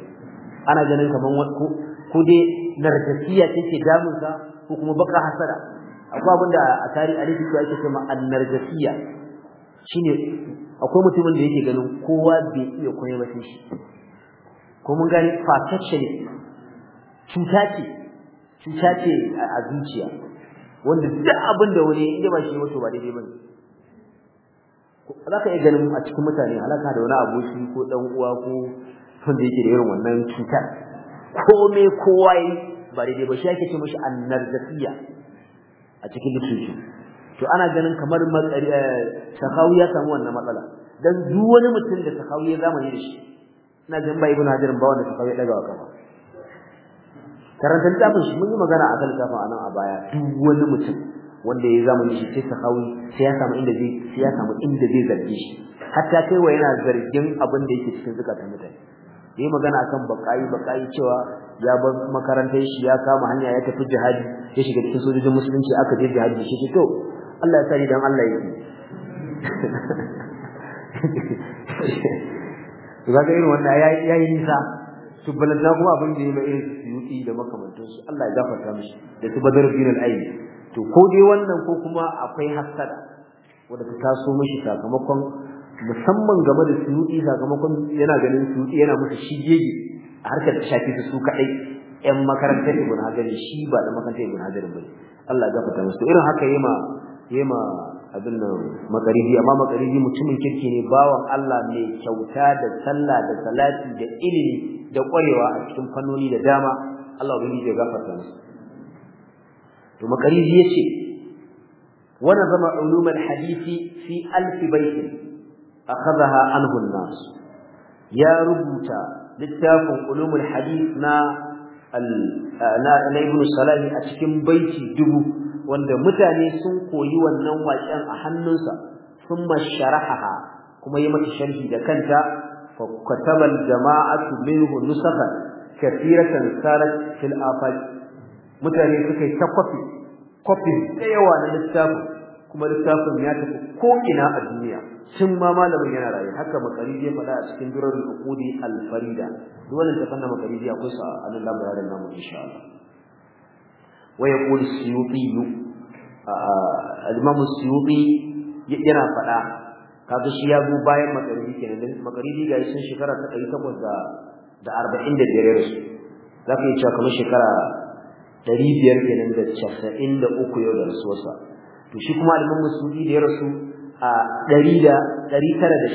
ana ganin kaman ko ko dai narkasiya take damunsa ko kuma baka hasada akwai abin da a tarihi aliki ko ake cewa annarjasiya shine akwai mutumin da yake ganin kowa bai iya koyi ba sai shi ko mun gani fatacce ne cuta ce cuta ce a zuciya wanda duk abin da wani inda ba shi ne wato ba daidai bane ka iya ganin a cikin mutane alaka da wani aboki ko dan uwa ko wanda yake da irin wannan cutar komai kowa yi ba daidai ba shi ake ce mishi annarzafiya a cikin literature to ana ganin kamar sahawi eh, ya samu wannan matsala dan duk wani mutum da sahawi ya zamani da shi ina ganin ba ibn hajar ba wanda sahawi ya daga wa kafa karanta littafin shi mun yi magana a kan littafin anan a baya duk wani mutum wanda ya zamani shi sai sahawi sai ya samu inda zai sai ya samu inda zai zargi shi hatta kai wa yana zargin abin da yake cikin zakatun mutane yi magana akan bakai bakai cewa ya bar makarantar shi ya kama hanya ya tafi jihadi ya shiga cikin sojojin musulunci aka je jihadi shi to Allah ya sani dan Allah ya yi to kaga irin wannan ya yi nisa to balanta kuma abin da ya mai irin yuki da makamantan su Allah ya gafarta mishi da su badar bin al ayi. to ko dai wannan ko kuma akwai hasada wanda ta taso mishi sakamakon musamman game da suyuti sakamakon yana ganin suyuti yana musu shigege harkar ta shafi su su kadai ƴan makarantar Ibn Hajar shi ba da makarantar Ibn Hajar bane Allah ya gafarta musu irin haka yema yema abin nan makaribi amma makaribi mutumin kirki ne bawan Allah mai kyauta da sallah da salati da ilimi da ƙwarewa a cikin fannoni da dama Allah ubangiji ya gafarta musu to makaribi yace wana zama ulumul hadisi fi alf bayt akhadha anhu an-nas ya rubuta littafin ulumul hadith na na ibn salahi a cikin baiti dubu wanda mutane sun koyi wannan waƙen a hannunsa sun masharaha kuma yi mata sharhi da kanta fa kataba jama'atu minhu nusakhan kathiratan sarat fil afaq mutane suka yi ta kwafi kofi da yawa na littafin kuma littafin ya tafi ko ina a duniya tun ma malamin yana raye haka makarije ya faɗa a cikin durar uqudi al-farida duk wannan tafan makarije akwai sa a nan labarin namu insha Allah wa yaqul suyuti al-imam suyuti yana faɗa kaga shi ya go bayan makarije kenan makarije ga shi shekara ta 800 da da 45 rasu zaka yi cewa kamar shekara 500 kenan da 93 yau da rasuwarsa to shi kuma al-Imam Musudi da ya rasu a ɗari da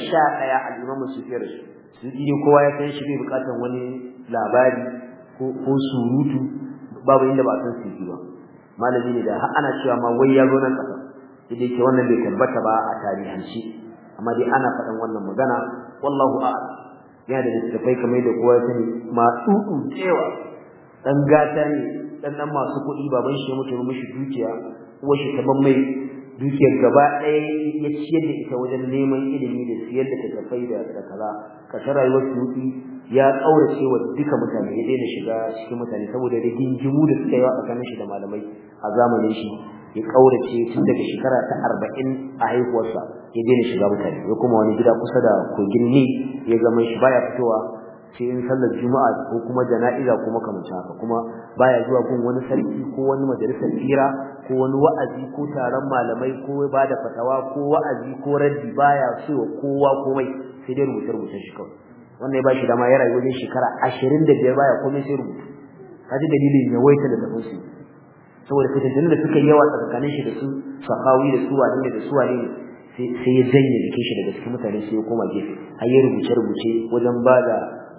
sha al-Imam Musudi ya rasu ne kowa ya san shi bai bukatar wani labari ko surutu babu inda ba a san Sudi ba malami ne da har ana cewa ma wai ya zo nan kasa idan ke wannan bai tabbata ba a tarihanci amma dai ana faɗan wannan magana wallahu a'lam yana da littattafai kamar da kowa ya sani masu tsewa dan gata ne dan nan masu kuɗi baban shi ya mutu mishi dukiya uwar shi ta mai dukiyar gaba ɗaya ya ciyar da ita wajen neman ilimi da siyar da tattafai da da kaza rayuwar tuki ya ƙaurace wa duka mutane ya daina shiga cikin mutane saboda rigingimu da suka yi a tsakanin shi da malamai a zamanin shi ya ƙaurace tun daga shekara ta arba'in a haihuwarsa ya daina shiga mutane ya kuma wani gida kusa da kogin ne ya zama shi baya fitowa sai in sallar juma'a ko kuma jana'iza kuma kamar haka kuma baya zuwa gun wani sarki ko wani majalisar tsira ko wani wa'azi ko taron malamai ko ba da fatawa ko wa'azi ko raddi baya so kowa komai sai dai rubuce rubuce shi kawai wannan ya bashi dama ya rayu wajen shekara 25 baya komai sai rubutu kaji dalilin ya waita da tafsiri saboda fitattun da suka yi yawa tsakanin shi da su sahawi da su wani da su wani sai ya janye jikin shi daga cikin mutane sai ya koma gefe har ya rubuce rubuce wajen ba da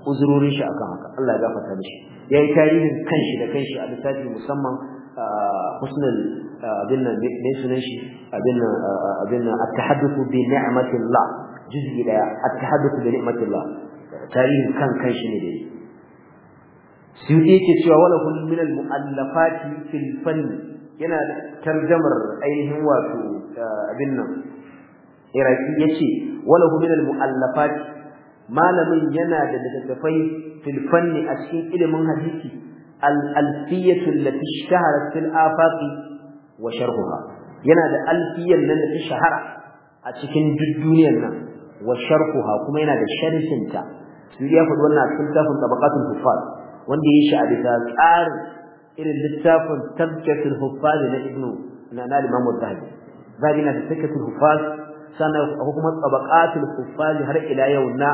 uzurorin shi akan haka Allah ya gafarta mishi yayi tarihin kanshi da kanshi a littafi musamman ah, husnul ah, abin nan ne sunan shi abin nan ah, abin nan at-tahaddathu bi ni'matillah juz'i daya at-tahaddathu bi ni'matillah tarihin kan kanshi ne dai Suyuti yake cewa wala kun min al-mu'allafati fil fanni yana tarjamar ainihin wato abin nan Iraki yace wala kun min al-mu'allafati malamin yana da littattafai fil fanni a cikin ilimin hadisi al alfiyatu allati ishtaharat fil afaqi wa sharhuha yana da alfiyan nan da ta shahara a cikin duk duniyar nan wa sharhuha kuma yana da sharhinta su ya faɗi wannan a cikin tafin tabaqatul kuffar wanda ya shi a bisa tsarin irin littafin tabjatul huffaz na ibnu na al-imam az-zahabi zabi na tabjatul huffaz sannan akwai kuma tabaqatul kuffari har ila yau na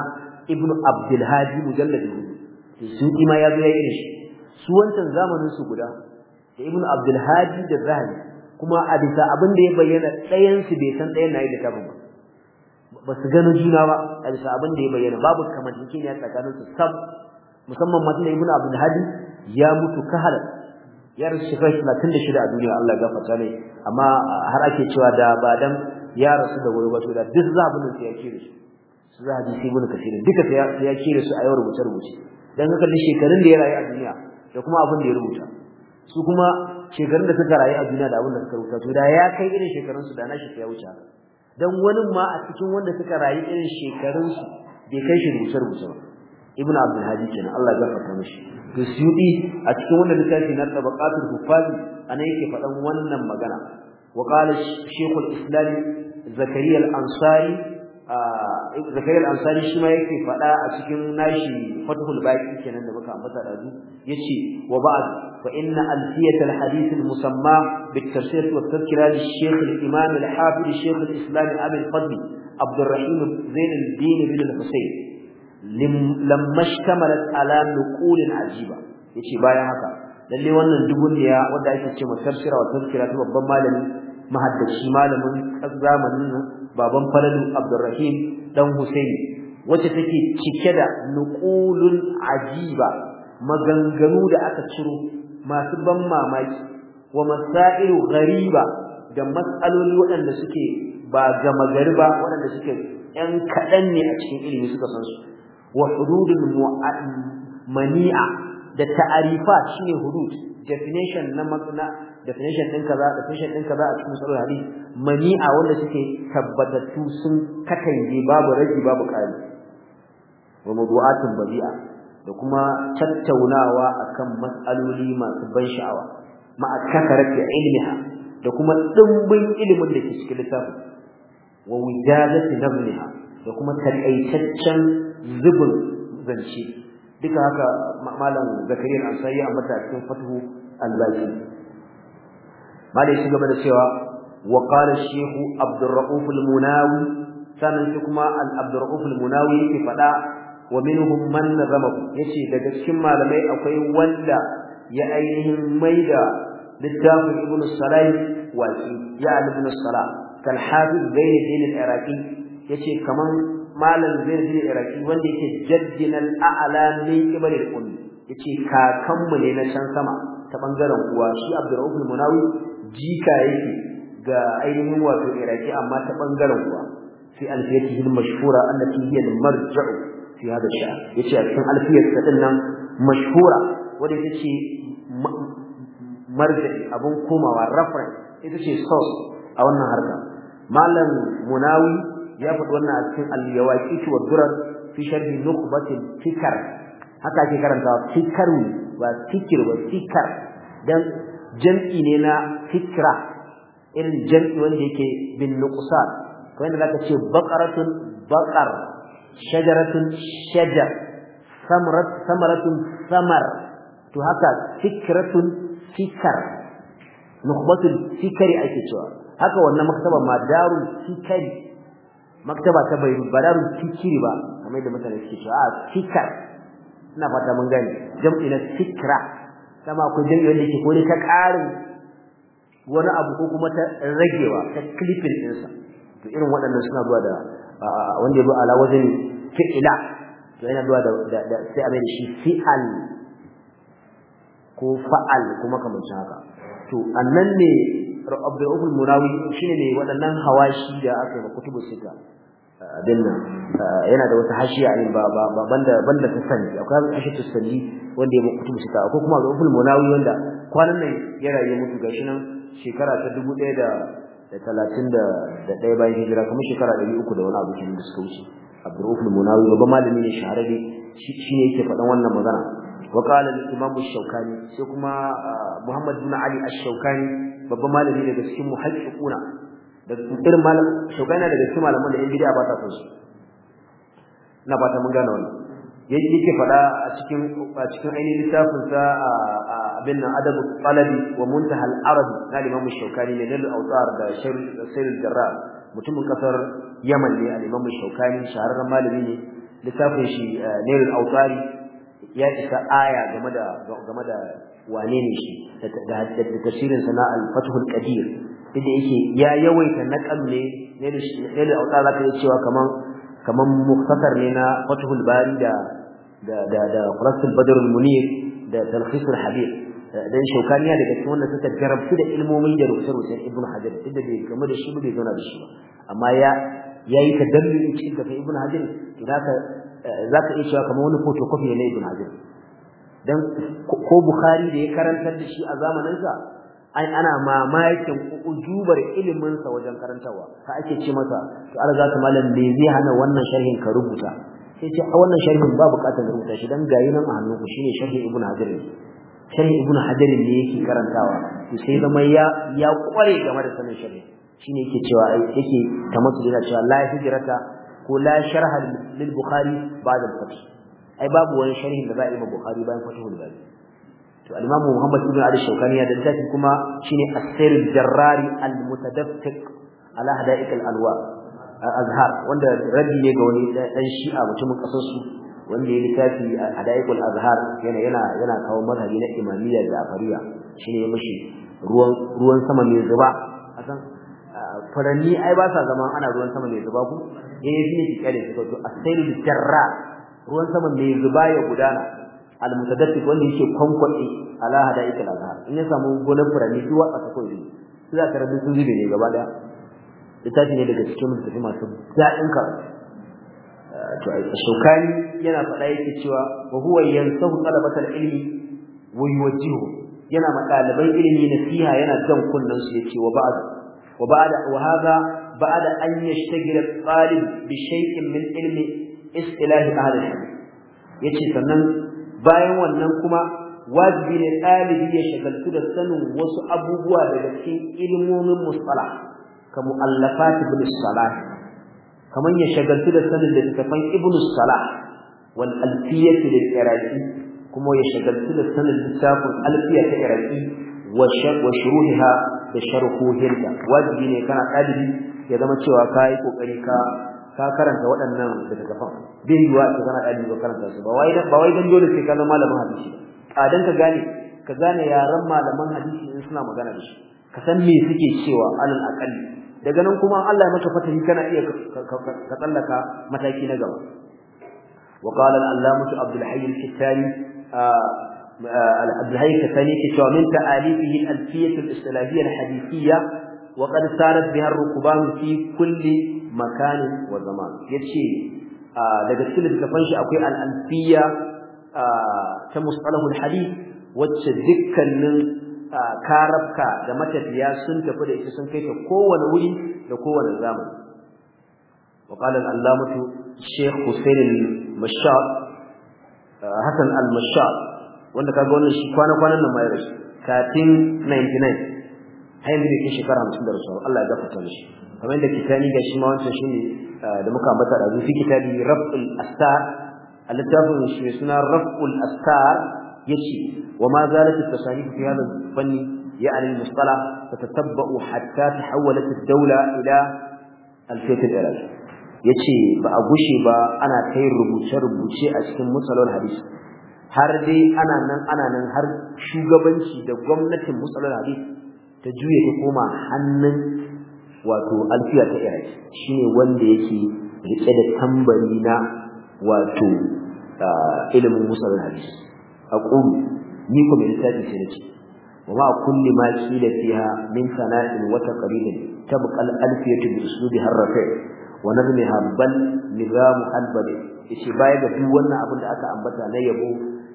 ibnu abdul hadi mujallad su ya zo ya yi shi su wancan zamanin su guda da ibnu abdul hadi da zahabi kuma a bisa abin da ya bayyana ɗayan su bai san ɗayan nayi da tabin ba ba su gano juna ba a bisa abin da ya bayyana babu kamanceceniya tsakanin su sab musamman matan da ibnu abdul hadi ya mutu kahalar yar shekara 36 a duniya Allah ya gafarta ne amma har ake cewa da ba dan ya rasu da wuri wato da duk zabin sai ya kire su su za hadisi ka kasir duka sai ya kire su a yau rubuce rubuce dan haka da shekarun da ya rayu a duniya da kuma abin da ya rubuta su kuma shekarun da suka rayu a duniya da abin da suka rubuta to da ya kai irin shekarun su da na shi ya wuce haka dan wani ma a cikin wanda suka rayu irin shekarun su bai kai shi rubuce rubuce ba ibn abdul hadi kenan Allah ya gafarta mishi to suyudi a cikin wannan littafin na tabaqatul hufazi ana yake faɗan wannan magana وقال شيخ الإسلام زكريا الأنصاري zakari al-ansari shi ma yake faɗa a cikin nashi fathul baqi kenan da muka ambata da zu yace wa ba'a fa inna alfiyat al-hadith al-musamma bit tafsir wa tadhkira li shaykh islam عبد الرحيم زين الدين بن الحسين لما اشتملت على نقول عجيبه yace bayan haka lalle wannan dubun ya wanda ake cewa tafsira wa tafsira ta babban malami mahaddaci malamin zamanin nan baban falalu Abdurrahim dan Husaini wacce take cike da nuqulun ajiba maganganu da aka ciro masu ban mamaki wa masailu ghariba da mas'aloli waɗanda suke ba gama gari ba waɗanda suke ƴan kaɗan ne a cikin ilimi suka san su wa hududul mani'a da ta'arifat shine hudud definition na matsala definition din kaza definition din kaza a cikin usul mani mani'a wanda suke tabbatattu sun katange babu raji babu kari wa mawdu'atun bari'a da kuma tattaunawa akan mas'aloli masu ban sha'awa ma'a kasarat ilmiha da kuma dimbin ilimin da ke cikin littafin wa wijadati nabliha da kuma takaitaccen zubin zance duka haka malam zakariya al-ansari ya ambata a cikin fathu al-baqi malai shi gaba da cewa wa qala shaykh abdurrauf al-munawi sanan shi kuma al-abdurrauf al-munawi yake fada wa minhum man nazamahu yace daga cikin malamai akwai wanda ya ainihin maida littafin ibn salah wasi ya ibn salah kal hafiz bayn al-iraqi yace kaman malam zai da iraki wanda yake jaddinal a'la min qibal al-ummi kakan mu ne na can sama ta bangaren kuwa. shi Abdurrauf al-Munawi jika yake ga ainihin wato iraki amma ta bangaren uwa fi alfiyatihi al-mashhura allati hiya al-marja'u fi hada sha'r yace a cikin alfiyar ta nan mashhura wanda yace marja'i abun komawa reference ita ce source a wannan harka malam Munawi ya faɗi wannan a cikin al-yawaqit wa durar fi sharhi nuqbatil fikr haka ake karanta fikru ba fikir ba fikr dan jam'i ne na fikra irin jam'i wanda yake bin nuqsan kamar da zaka ce baqaratun baqar shajaratun shajar samarat samaratun samar to haka fikratun fikar nuqbatul fikri ake cewa haka wannan maktabar ma darul fikri maktaba ta bai ba darun kiri ba kamar yadda mutane suke cewa a ah, fikar ina fata mun gani. jam'i na fikra kama akwai jam'i wanda yake kore ta ƙarin wani abu ko kuma ta ragewa ta clipping ɗinsa to irin waɗannan suna zuwa da wanda ya zo ala wajen fi'ila to yana zuwa da sai a mai shi fi'al ko fa'al kuma kamar haka to annan ne Abdul Rauf al shine ne waɗannan hawashi da aka yi kutubu sita abin nan eh, yana da wata hashiya ne ba ba banda banda ta sani akwai hashiyatu sani wanda ya kutubu sita akwai kuma Rauf al-Munawi wanda kwanan nan ya rayu mutu gashi nan shekara ta 1000 da da 31 bayan hijira kuma shekara 300 da wani abu kin da suka wuce Abdul Rauf al babban malami ne shahararre shi ne yake faɗan wannan magana وقال الإمام الشوكاني سيكما محمد بن علي الشوكاني babban malami daga cikin muhaqqiquna da irin malam shugana daga cikin malaman da yan bid'a ba ta son shi. na ba ta mun gane wannan yake yake fada a cikin a cikin ainihin littafin sa a abin nan adabu talabi wa muntaha al-arab na imam shaukani ne lil awtar da shirin sir al mutumin kasar yaman ne al-imam shaukani shahararren malami ne littafin shi eh, ne al-awtari ya isa aya game da game da wane ne shi da tafsirin sana al-fathul qadir duk da yake ya yawaita naqal ne ne da shi ne da auta zaka yi cewa kaman kaman mukhtasar ne na fathul bari da da da da quratul badr al-munir da talkhis al-habib dan shaukaniya daga cikin wanda suka jarabtu da ilmomin da rubuce rubuce ibnu hajar duk da bai game da shi bai zauna da shi ba amma ya yayi tadalli cikin da ibnu hajar idan ka zaka iya cewa kaman wani photocopy ne ibnu hajar dan ko bukhari da ya karantar da shi a zamaninsa ai ana mamakin ujubar ilimin sa wajen karantawa ka ake ce masa to za ta malam me zai hana wannan sharhin ka rubuta sai ce a wannan sharhin ba bukatar rubuta shi dan gayi nan a hannunku shine sharhin ibnu hajar sharhin ibnu hajar ne yake karantawa to sai zama ya ya kware game da sanin sharhi shine yake cewa ai yake tamattu da cewa la hijrata ko la sharha lil bukhari ba'da al-fath ai babu wani sharhi da za a yi ma Bukhari bayan Fathul Bari to al-Imam Muhammad ibn Ali Shawkani ya dace kuma shine As-Sir al-Jarrari al-Mutadaffiq ala hada'ik al-alwa azhar wanda rabi ne ga wani dan Shi'a mutumin kasar su wanda ya littafi hada'ik al-azhar yana yana yana kawo mazhabi na Imamiyya da Afariya shine mishi ruwan ruwan sama mai zuba asan farani ai ba sa zaman ana ruwan sama mai zuba ku yayin shine ki kare su to As-Sir al-Jarrar ruwan saman mai zuba ya gudana al al-mutadaddid wanda yake kwankwade ala hada'ikal azhar in ya samu gonan furani zuwa a sako ne sai aka ka rabu sun zube ne gaba daya littafi ne daga cikin mutane masu da'in ka ah, to ai shokani yana faɗa yake cewa wa huwa yansahu talabatal ilmi wa yuwajjihu yana ma ilmi na nasiha yana jan kullun su yake wa ba'd wa ba'da wa hadha ba'da an yashtagila talib bi shay'in min ilmi istilahi ahlul yace sannan bayan wannan kuma wajibi ne ɗalibi ya shagaltu da sanin wasu abubuwa daga cikin ilmomin musala ka mu'allafat ibn salah kaman ya shagaltu da sanin littafan ibn salah wal alfiyati lil iraqi kuma ya shagaltu da sanin littafin alfiya ta iraqi wa shuruhiha da sharhuhinta wajibi ne kana ɗalibi ya zama cewa kai kokari ka ka karanta waɗannan littafan bai yiwa ka kana ɗalibi da karanta su ba wai ba wai dan dole sai ka zama malamin hadisi a dan ka gane ka gane yaran malaman hadisi in suna magana da shi ka san me suke cewa alal aqalli daga nan kuma Allah ya maka fatahi kana iya ka tsallaka mataki na gaba wa qala al allamu Abdul Hayy al-Kittani عبد الهي الثاني كتاب من تآليفه الألفية الإصطلاحية الحديثية وقد سارت بها الركبان في كل makani wa zaman yace daga cikin littafin shi akwai al-alfiya ta musalahul hadith wacce dukkanin karabka da matafiya sun tafi da ita sun kai ta kowane wuri da kowane zamani wa qala al-allamah Sheikh Hussein al-Mashab Hassan al-Mashab wanda kaga wannan shi kwana-kwanan nan mai rashi kafin 99 har yanzu bai kai shekara hamsin da rasuwa Allah ya gafarta mishi kamar yadda kitani ga shi ma wancan shi ne eh, da muka ambata da zufi kitabi raf'ul astar a littafin shi mai suna raf'ul astar ce wa ma zalat at-tasarif fi hadha al-fanni ya'ni al-mustalah tatatabba'u hatta ta tahawwalat ta daula ila al-fiqh al Ya ce ba a gushe ba ana kai rubuce-rubuce a cikin musalol hadisi har dai ana nan ana nan har shugabanci da gwamnatin musalol hadisi ta juya ta koma hannun wato alfiya ta iraki shine wanda yake rike da tambari na wato ah, ilimin musalin hadisi a ƙuru ni kuma ya sace shi nace wa ma kulli ma shi da fiha min sana'in wa taqririn tabqal alfiyatu bi usubi harrafai wa nazmi habban nizamu albadi shi baya da duk wannan abin da aka ambata na yabo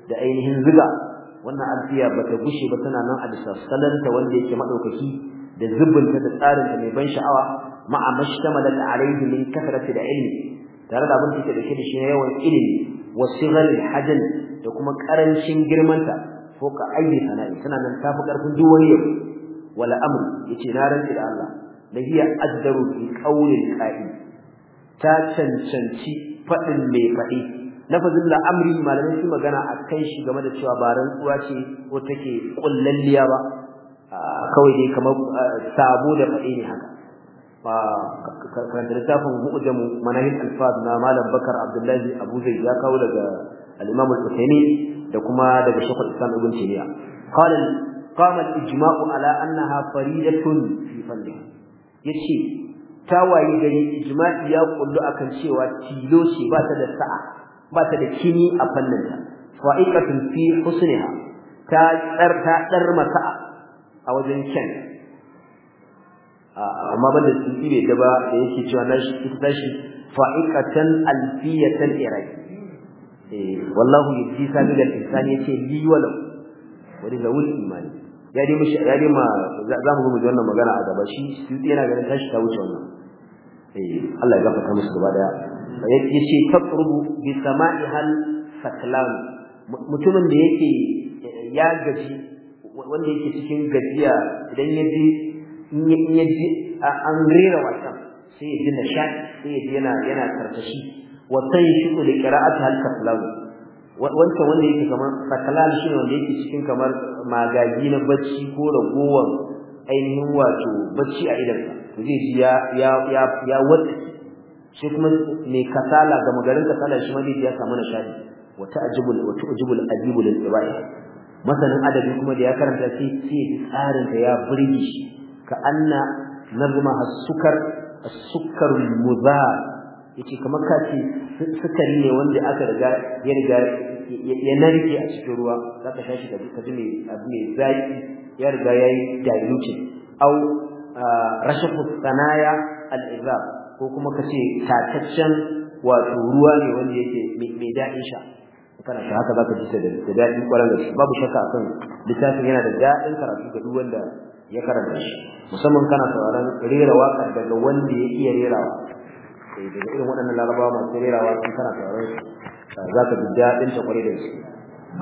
da ainihin ziga wannan alfiya bata gushe ba tana nan a bisa salanta wanda yake madaukaki da zubunta da tsarin da mai ban sha'awa ma'a mashtamalat alayhi min kathrati da ilm tare da abin da yake da shi na yawan ilimi wa sighal hajal da kuma karancin girmanta foka ayi sana'i tana nan tafi karfin duk wani yau wala amr yace na rantsi da Allah da hiya addaru bi qawlil qa'id ta cancanci fadin mai fadi lafazin la'amri malamin su magana a kai shi game da cewa ba rantsuwa ce ko take kullalliya ba kawai dai kamar sabo da faɗe ne haka karanta littafin mu'jamu manahil alfaz na malam bakar abdullahi abu zai ya kawo daga al-imam al-husaini da kuma daga shekul islam ibn taymiya qala qama al-ijma'u ala annaha faridatun fi fanni yace waye gari ijma'i ya kullu akan cewa tilo ce ba ta da sa'a ba ta da kini a fannin ta fa'iqatun fi husniha ta tsar ta dar masa a wajen kyan amma banda tsibi ne da ba da yake cewa nashi ita shi fa'iqatan alfiyatan iraki eh wallahu yati sabil al-insani yace li wala wani lawul imani ya dai mishi ya dai ma za mu mu wannan magana a gaba shi shi yana ganin tashi ta wuce wannan eh Allah ya gafarta musu gaba daya yake shi taqrubu bi sama'ihal hal saklan mutumin da yake ya gaji wanda yake cikin gajiya idan ya ji in ya ji an rera wasan sai ya ji nishadi sai ya ji yana yana karkashi wa sai shi da qira'at hal saklan wanda wanda yake kamar saklan shi ne wanda yake cikin kamar magaji na bacci ko ragowar ainihin wato bacci a idan zai ji ya ya ya wata shi kuma mai kasala ga magarin kasala shi ma zai ya samu nishadi wa ta'jibul wa tu'jibul adibu lil ibai masanin adabi kuma da ya karanta sai sai tsarin da ya burge shi ka anna nazma as-sukar as-sukar al-mudhar kamar ka ce sukari ne wanda aka riga ya riga ya narke a cikin ruwa zaka sha shi ka ji mai abu mai zaki ya riga yayi dilution au ah, rashafu sanaya al-izab ko kuma ka ce tataccen wato ruwa ne wanda yake mai daɗin sha kana ta haka zaka ji da daɗin kwarar da babu shakka akan littafin yana da daɗin karatu ga duk wanda ya karanta shi musamman kana sauraron rera waka daga wanda ya iya rerawa eh, daga irin waɗannan larabawa masu rerawa sun kana sauraron za ka ji daɗin ta kwarai da shi.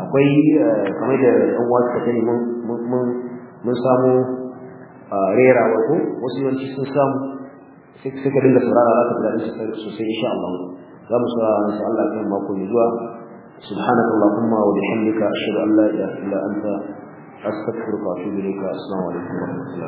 akwai eh, kamar da ɗan wasu ka sani mun mun samu eh, rerawa ko wasu yawanci sun samu sai ka dinga saurara za ka tunani sosai insha Allah za mu saurara na sai Allah kan mako mai zuwa سبحانك اللهم وبحمدك أشهد أن لا إله إلا أنت أستغفرك وأتوب إليك السلام عليكم ورحمة الله